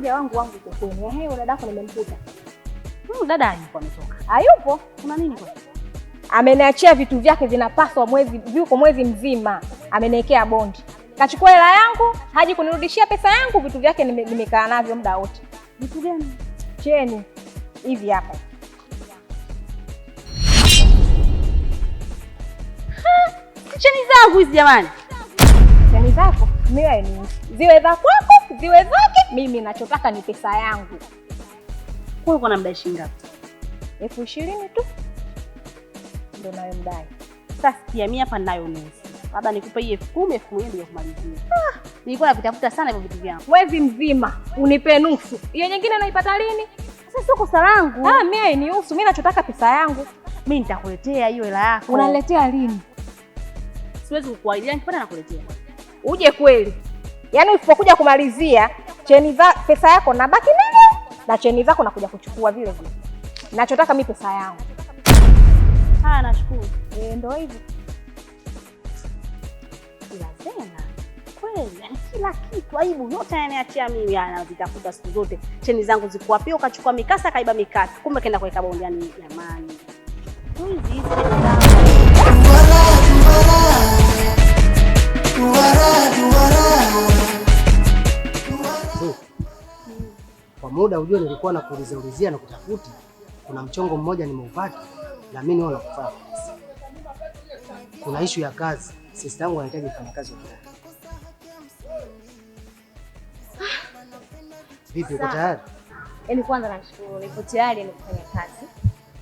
kuja wangu wangu kukuni. Ehe, yule dadako nimemkuta. Huyu mm, dada yuko ametoka. Hayupo. Kuna nini kwa? Ameniachia vitu vyake vinapaswa mwezi, yuko mwezi mzima. Ameniwekea bondi. Kachukua hela yangu, haji kunirudishia pesa yangu, vitu vyake nimekaa navyo muda wote. Vitu gani? Cheni hivi hapa. Cheni zangu hizi jamani. Cheni zako? Mimi ziwe za kwako ziwe zake. Mimi nachotaka ni pesa yangu. Kwa Uko na mdai shilingi ngapi? elfu ishirini tu ndio nayo mdai. Sasa sikia, mimi hapa nayo nusu, labda nikupe hii elfu kumi elfu moja ndio kumalizia. Ah, nilikuwa nakutafuta sana hivyo vitu vyangu. Mwezi mzima unipe nusu, hiyo nyingine naipata lini? Sasa sio kosa langu. Ah, mimi hainihusu, mimi nachotaka pesa yangu. Mimi nitakuletea hiyo hela yako. Unaletea lini? Siwezi kukuahidia, nikipata nakuletea. Uje kweli? Yaani usipokuja kumalizia cheni za pesa yako nabaki nini na cheni zako nakuja kuchukua vile vile. Nachotaka mimi pesa yangu. Ah, nashukuru. Eh, ndio hivyo. Ila tena kweli, yaani kila kitu aibu yote ananiachia mimi, anazitafuta yaani siku zote. Cheni zangu ziko wapi? Ukachukua mikasa, kaiba mikasa, kumbe kaenda kuweka bondiani. Jamani, hizi hizi kwa muda ujue, nilikuwa nakuulizia ulizia na kutafuti kuna mchongo mmoja nimeupata na mimi naona kufaa. Kuna ishu ya kazi, sister yangu anahitaji kufanya kazi ndani. Ah, Vipi, uko tayari? Yaani kwanza nashukuru, niko tayari ni kufanya kazi,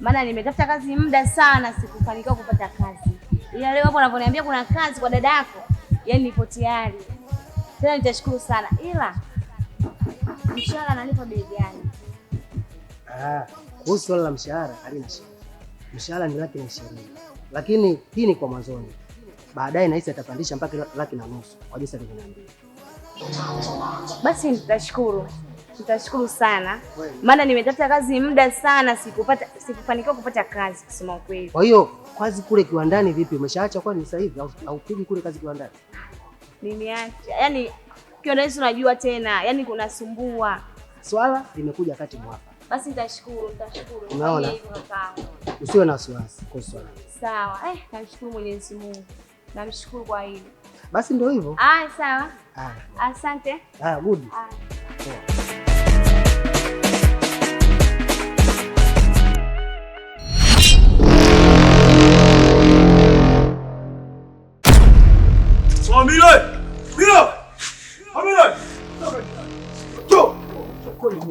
maana nimetafuta kazi muda sana, sikufanikiwa kupata kazi, ila leo hapo anaponiambia kuna kazi kwa dada yako, yaani nipo tayari tena, nitashukuru sana ila mshahara analipa bei gani? Ah, kuhusu swala la mshahara halina shida. Mshahara ni laki na ishirini, lakini hii ni kwa mwanzoni. Baadaye nahisi atapandisha mpaka laki na nusu kwa jinsi alivyoniambia. Basi nitashukuru, nitashukuru sana, maana nimetafuta kazi muda sana, sikupata, sikufanikiwa kupata kazi kusema ukweli. Kwa hiyo kazi kule kiwandani vipi, umeshaacha kwani sasa hivi au upigi kule kazi kiwandani? Nimeacha yani kiandalizi unajua tena, yani kunasumbua. Swala limekuja kati mwafaka. Basi nitashukuru, nitashukuru. Unaona? Usiwe na wasiwasi kwa swala. Sawa. Eh, namshukuru Mwenyezi Mungu. Namshukuru kwa hili. Basi ndio hivyo. Ah, sawa. Ah. Asante. Ah, good. Ah. Familia!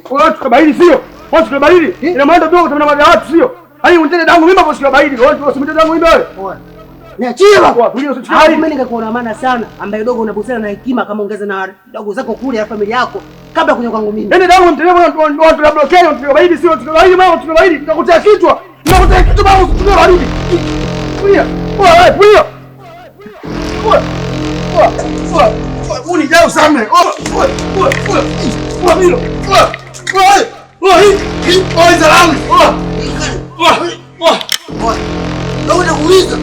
Watu kabaili sio? Watu kabaili? Eh? Ina maana ndio kutamana baadhi ya watu sio? Hadi yaani unitende dangu mimba kwa sio kabaili. Wewe usimtende dangu mimba wewe. Niachie baba. Mimi ningekuwa maana sana ambaye dogo unabusana na hekima kama ongeza na dogo zako kule ya familia yako kabla kuja kwangu mimi. Yaani dangu mtende bwana watu la blokeni watu kabaili sio? Watu kabaili mama watu kabaili tutakutia kichwa. Tunakutia kichwa baba usitumie baridi. Pia. Wewe pia. Wewe. Wewe. Babu kabisa.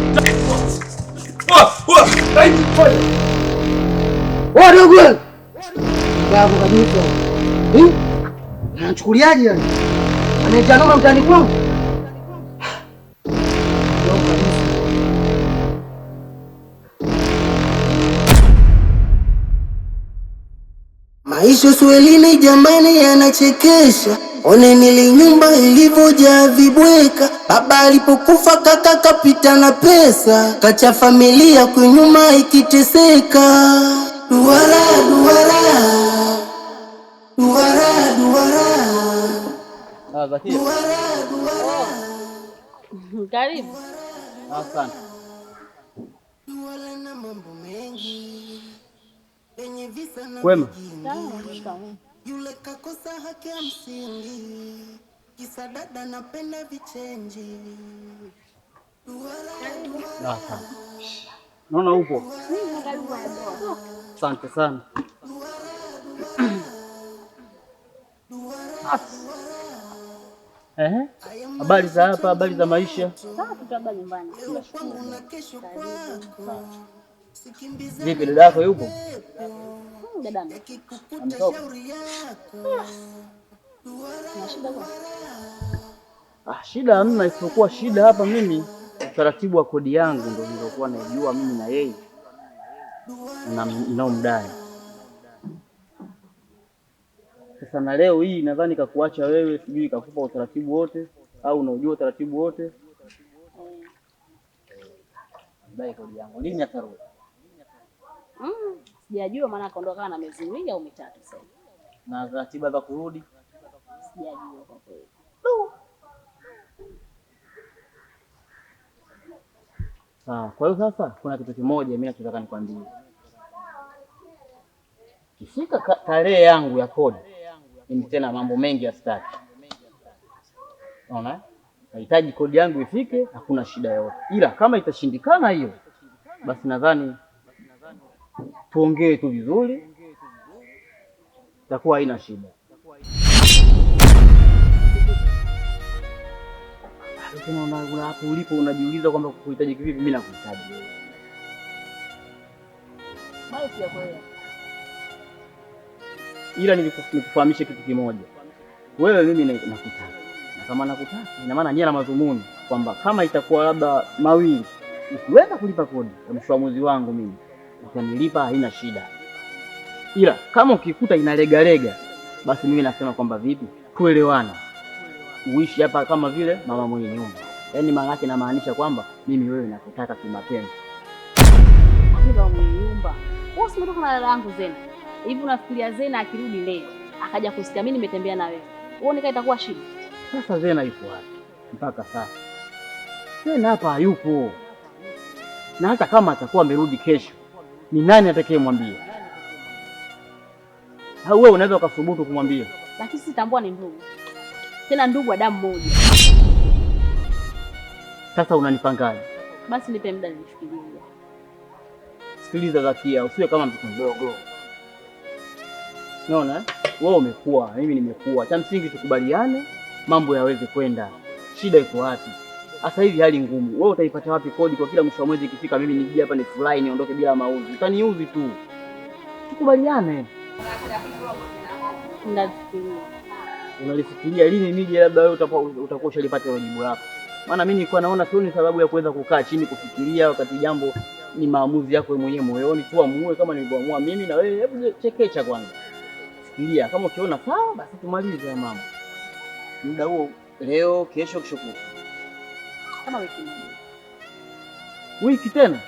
mtani kwangu. Maisha swelini jamani, yanachekesha. one nili nyumba ilivyojaa vibweka. Baba alipokufa kaka kapita na pesa, kacha familia kunyuma ikiteseka. Duara duara duara duara ah, duara duara. Karibu, asante. Duara na mambo mengi Kwema. Yule kakosa haki ya msingi, kisa dada napenda vichenji. Naona upo. Asante sana. Eh, habari za hapa, habari za maisha. Sawa, tutakuja nyumbani. Vipi, dada yako yupo? Hmm, ah, shida hamna, isipokuwa shida hapa mimi utaratibu wa kodi yangu ndio nilokuwa najua mimi na yeye mdai sasa, na leo hii nadhani kakuacha wewe, sijui kakupa utaratibu wote au unaujua utaratibu wote, mdai eh. kodi yangu lini atarudi? Sijajua maana akaondoka na miezi miwili au mitatu sasa. Na ratiba za kurudi? Sijajua kwa kweli. Sawa, kwa hiyo sasa kuna kitu kimoja mimi nataka nikwambie. Kifika tarehe yangu ya kodi, mimi tena mambo mengi staki. Unaona? Nahitaji kodi yangu ifike, hakuna shida yoyote, ila kama itashindikana hiyo, basi nadhani tuongee tu vizuri, takuwa haina shida. Hapo ulipo unajiuliza kwamba kuhitaji kivipi? Mimi nakuhitaji ila nikufahamishe kitu kimoja, wewe mimi nakutaka, na kama nakutaka, ina maana nia na madhumuni kwamba kama itakuwa labda mawili, ukiweza kulipa kodi ya mshamuzi wangu mimi utanilipa, haina shida, ila kama ukikuta inalegalega, basi mimi nasema kwamba vipi, tuelewana, uishi hapa kama vile mama mwenye nyumba. Yaani maana yake namaanisha kwamba mimi wewe nakutaka kimapenzi. Mama mwenye nyumba, wewe usimtoka na dada yangu Zena hivi, unafikiria Zena akirudi leo akaja kusikia mimi nimetembea na wewe, uone kama itakuwa shida? Sasa Zena yuko wapi mpaka sasa? Zena hapa hayupo, na hata kama atakuwa amerudi kesho ni nani atakayemwambia? Au wewe unaweza ukathubutu kumwambia? Lakini sisi tambua ni ndugu, tena ndugu wa damu moja. Sasa unanipangaje? Basi nipe muda nifikirie. Sikiliza Zakia, usiwe kama mtoto mdogo. Naona wewe umekuwa, mimi nimekuwa, cha msingi tukubaliane mambo yaweze kwenda. Shida iko wapi? Sasa hivi hali ngumu, wewe utaipata wapi kodi kwa kila mwisho wa mwezi ikifika, mimi nijia hapa ni fly niondoke bila mauzi? Utaniuzi tu, tukubaliane. Unalifikiria lini nije, labda wewe utakuwa ushalipata hilo jibu lako. Maana mimi nilikuwa naona sioni sababu ya kuweza kukaa chini kufikiria, wakati jambo ni maamuzi yako wewe mwenyewe moyoni tu, amue kama nilivyoamua mimi na wewe. Hebu chekecha kwanza, fikiria kama ukiona sawa, basi tumalize ya mama muda huo, leo kesho, kesho kutwa kama wiki moja. Wiki tena?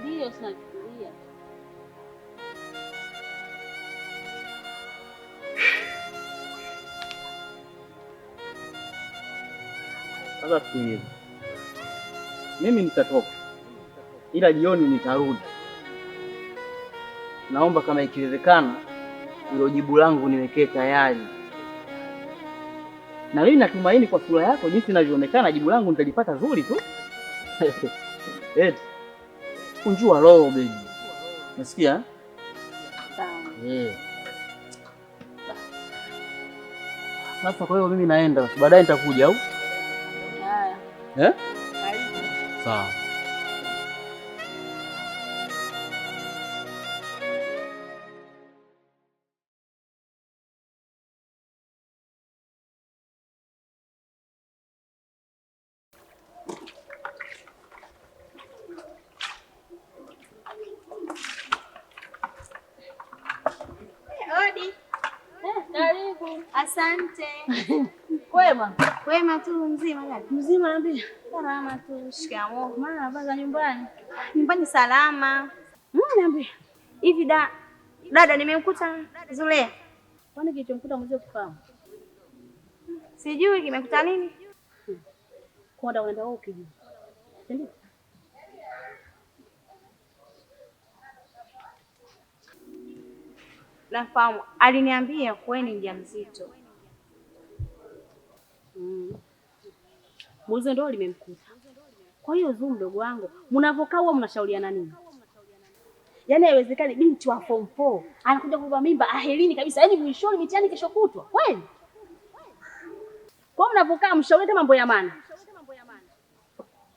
Ndiyo, sinafikiria. Sasa sikiliza, mimi nitatoka, ila jioni nitarudi. Naomba kama ikiwezekana, hilo jibu langu niwekee tayari na mimi natumaini kwa sura yako jinsi inavyoonekana, jibu langu nitalipata zuri tu. unjua roho bebi, nasikia eh? eh. Sasa kwa hiyo mimi naenda, baadaye nitakuja au? Haya. Eh? Sawa. Asante. Kwema? Kwema tu, mzima gani? Mzima naambia. Salama tu. Shikamoo. Mbona baza nyumbani? Nyumbani salama. Mm, naambia. Hivi da dada nimemkuta Zulea. Kwani kilichomkuta mzee kufahamu? Sijui kimekuta nini? Kwa nda unaenda wewe kijiji. Ndio. Nafahamu. Aliniambia kweni mjamzito. Mm. ndo limemkuta. Kwa hiyo Zuu, mdogo wangu, mnavokaa huwa mnashauriana nini? Yaani haiwezekani binti wa form 4 anakuja kuva mimba ahelini kabisa, yaani mwishoni mitihani kesho kutwa. Kweli? Kwa mnavokaa mshauriane mambo ya maana.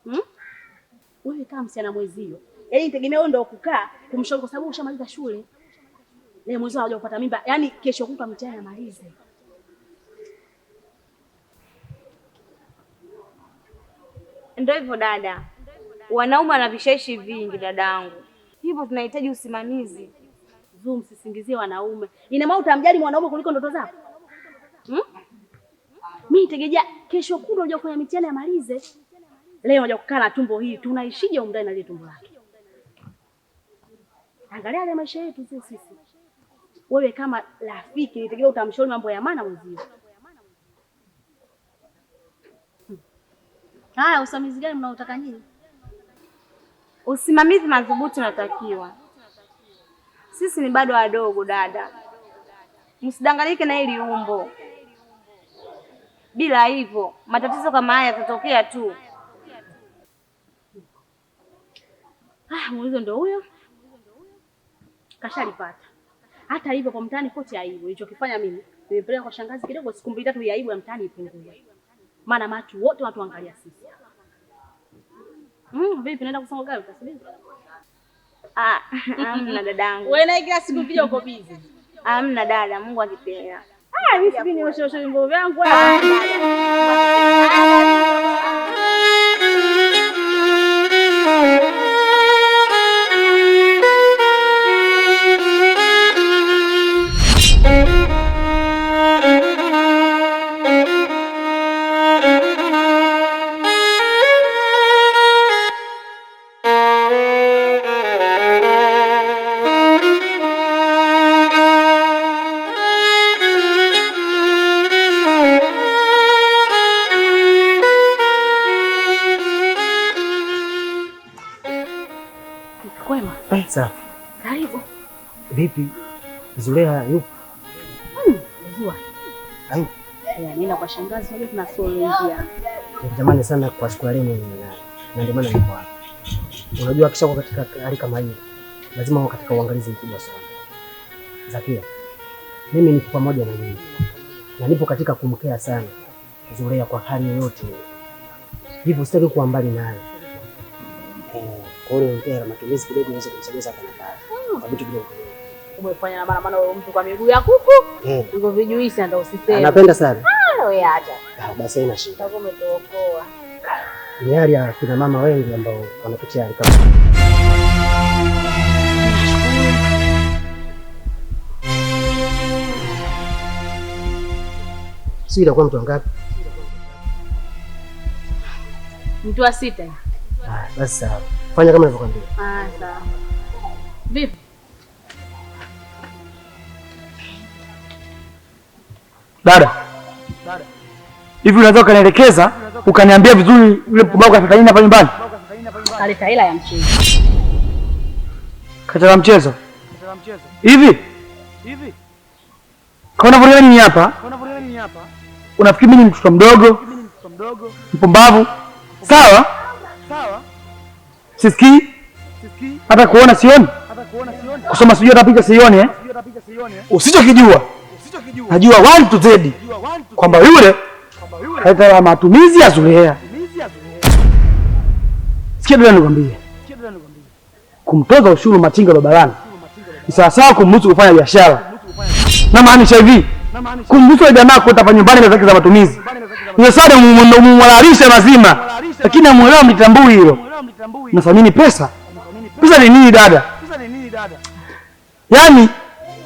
Hmm? Wewe kama msichana mwezio, yaani nitegemea wewe ndo kukaa kumshauri kwa sababu ushamaliza shule. Leo mwezio haja kupata mimba, yaani kesho kutwa mitihani amalize. Ndio hivyo dada, wanaume wana vishawishi vingi dadangu, hivyo tunahitaji usimamizi. Zoom, msisingizie wanaume. Ina maana utamjali mwanaume kuliko ndoto zako hmm? Mi tegejea kesho kutwa unja kufanya mitihani amalize, leo unja kukaa na tumbo hili. Tunaishije huko na ile tumbo lake? Angalia ile maisha yetu sisi. Wewe kama rafiki nitegemea utamshauri mambo ya maana mwenzio. Haya, usimamizi gani mnaotaka nyinyi? Usimamizi madhubuti unatakiwa. Sisi ni bado wadogo dada, msidanganyike na hili umbo. Bila hivyo matatizo kama haya yatatokea tu. Ah, muulizo ndo huyo kashalipata. Hata hivyo kwa mtaani kote aibu, ilichokifanya mimi nimepeleka kwa shangazi kidogo, siku mbili tatu ya aibu ya mtaani ipungue maana watu wote wanatuangalia sisi. Mm, vipi naenda kusonga gari Ah, amna dadangu. Wewe na kila siku pia uko busy. Amna dada, Mungu akipenda. Ah, mimi sibi nioshe vyangu. Ah. Karibu. Vipi? Zuleha yupo? Hmm, kwa shangazi tuna Jamani sana kwa siku leo na ndio maana niko hapa. Unajua kisha kwa katika hali kama hii lazima uwe katika uangalizi mkubwa sana. Zakia. Mimi niko pamoja na wewe. Na nipo katika kumkea sana zulea kwa hali yoyote. Hivyo sitaki kuwa mbali naye. Eh, kwa hiyo matumizi kidogo kumsogeza hapa na pale kutoka vitu Umefanya na maana mtu kwa miguu ya kuku. Eh. Hivyo vijuisi ndio usiseme. Anapenda sana. Ah, wewe acha. Ah, basi haina shida. umetuokoa. Ni hali ya kina mama wengi ambao wanapitia hali kama. itakuwa mtu wangapi? Mtu wa sita. Ah, basi sawa. Fanya kama nilivyokuambia. Ah, sawa. Vipi? Dada hivi unaweza ukanielekeza ukaniambia vizuri yule mpumbavu kafika nini hapa nyumbani? Kaleta hela ya mchezo. Kaleta mchezo hivi hivi, kaona vulia nini hapa? nini hapa? Unafikiri mimi ni mtoto mdogo Mimi ni mtoto mdogo. mpumbavu? Sawa, Sawa. Sisiki? Sisiki. hata kuona sioni, Hata kuona sioni. kusoma sijui hata picha sioni eh? Usichokijua najua one to z kwamba yule katika matumizi ya zulea. Sikia dada, nikwambie kumtoza ushuru machinga barabarani ni sawasawa kumruhusu kufanya biashara. Namaanisha hivi, kumruhusu jamaa kwenda nyumbani na zake za matumizi ni mumwalalisha mazima, lakini amwelewa mlitambui hilo. Nathamini pesa. Pesa ni nini dada? Yaani,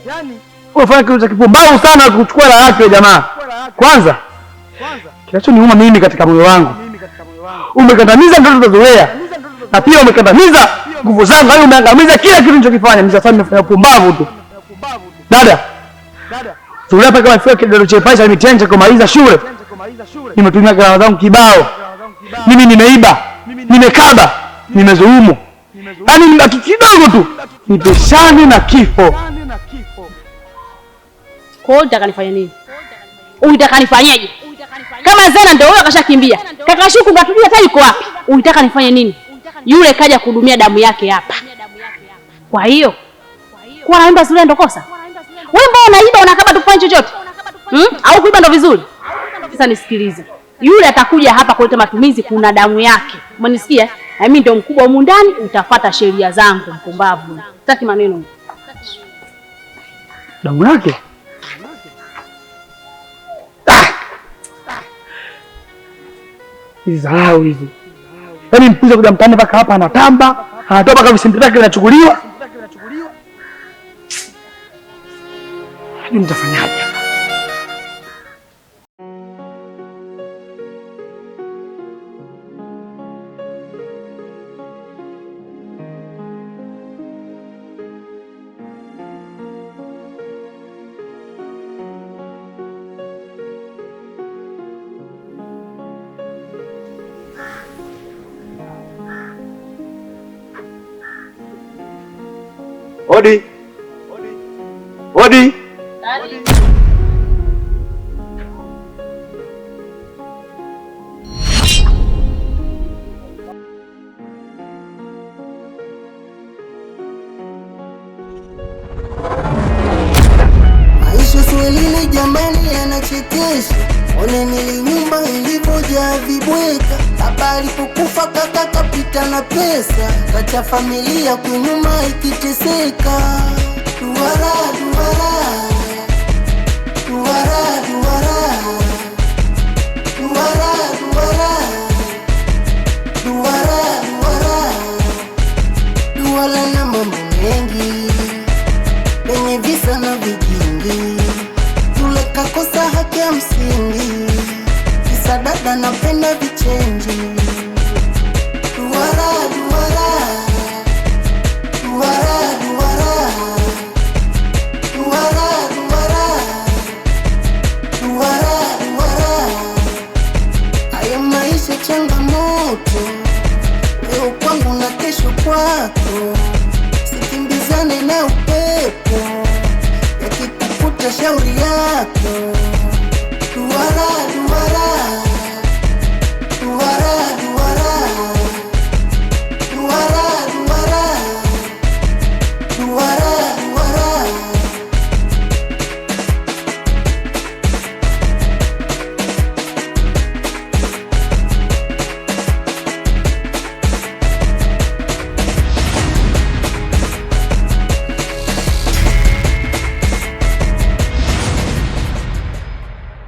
yaani unafanya kitu cha kipumbavu sana kuchukua hela yake jamaa. Kwanza kinachoniuma mimi katika moyo wangu, umekandamiza ndoto za Zoea na pia umekandamiza nguvu zangu, yaani umeangamiza kila kitu nilichokifanya. Msasa nimefanya pumbavu tu dada. Zulea paka mafika kidogo cha paisha nimetenja kumaliza shule, nimetumia gharama zangu kibao, mimi nimeiba, nimekaba, nimezulumu, yaani kidogo tu nipeshane na kifo. Kwa hiyo utakanifanya nini? Utakanifanyaje? Kama Zena ndio huyo akashakimbia. Kaka Shuku ngatulia hata yuko wapi? Unataka nifanye nini? Yule kaja kudumia damu yake hapa. Kwa hiyo kwa hiyo kwa zile ndio kosa. mbona unaiba unakaba tufanye chochote? Hmm? Au kuiba ndo vizuri? Sasa nisikilize. Yule atakuja hapa kuleta matumizi, kuna damu yake. Umenisikia? Na mimi ndio mkubwa huko ndani, utafuata sheria zangu mpumbavu. Sitaki maneno. Damu yake? hizi dharau hizi. Yaani mpiza kuja mtaani mpaka hapa anatamba, anatoa mpaka visenti vyake vinachukuliwa. Sijui yaani nitafanyaje. Odi. Odi. Odi. Maisha swahili jamani, yanachekesha Onenili nyumba ilivyojaa vibweka, habari kukufa kaka kapita na pesa, kacha familia kunyuma ikiteseka. Duwara, duwara, duwara, duwara, duwara, duwara, duwara, duwara, Duwara na mambo mengi yenye visa na vijingi, tulekakosa haki ya msingi sasa dada, napenda vichenji duara duara duara duara duara duara duara duara. Haya maisha changamoto, leo kwangu na kesho kwako, sikimbizane na upepo, yakikukuta shauri yako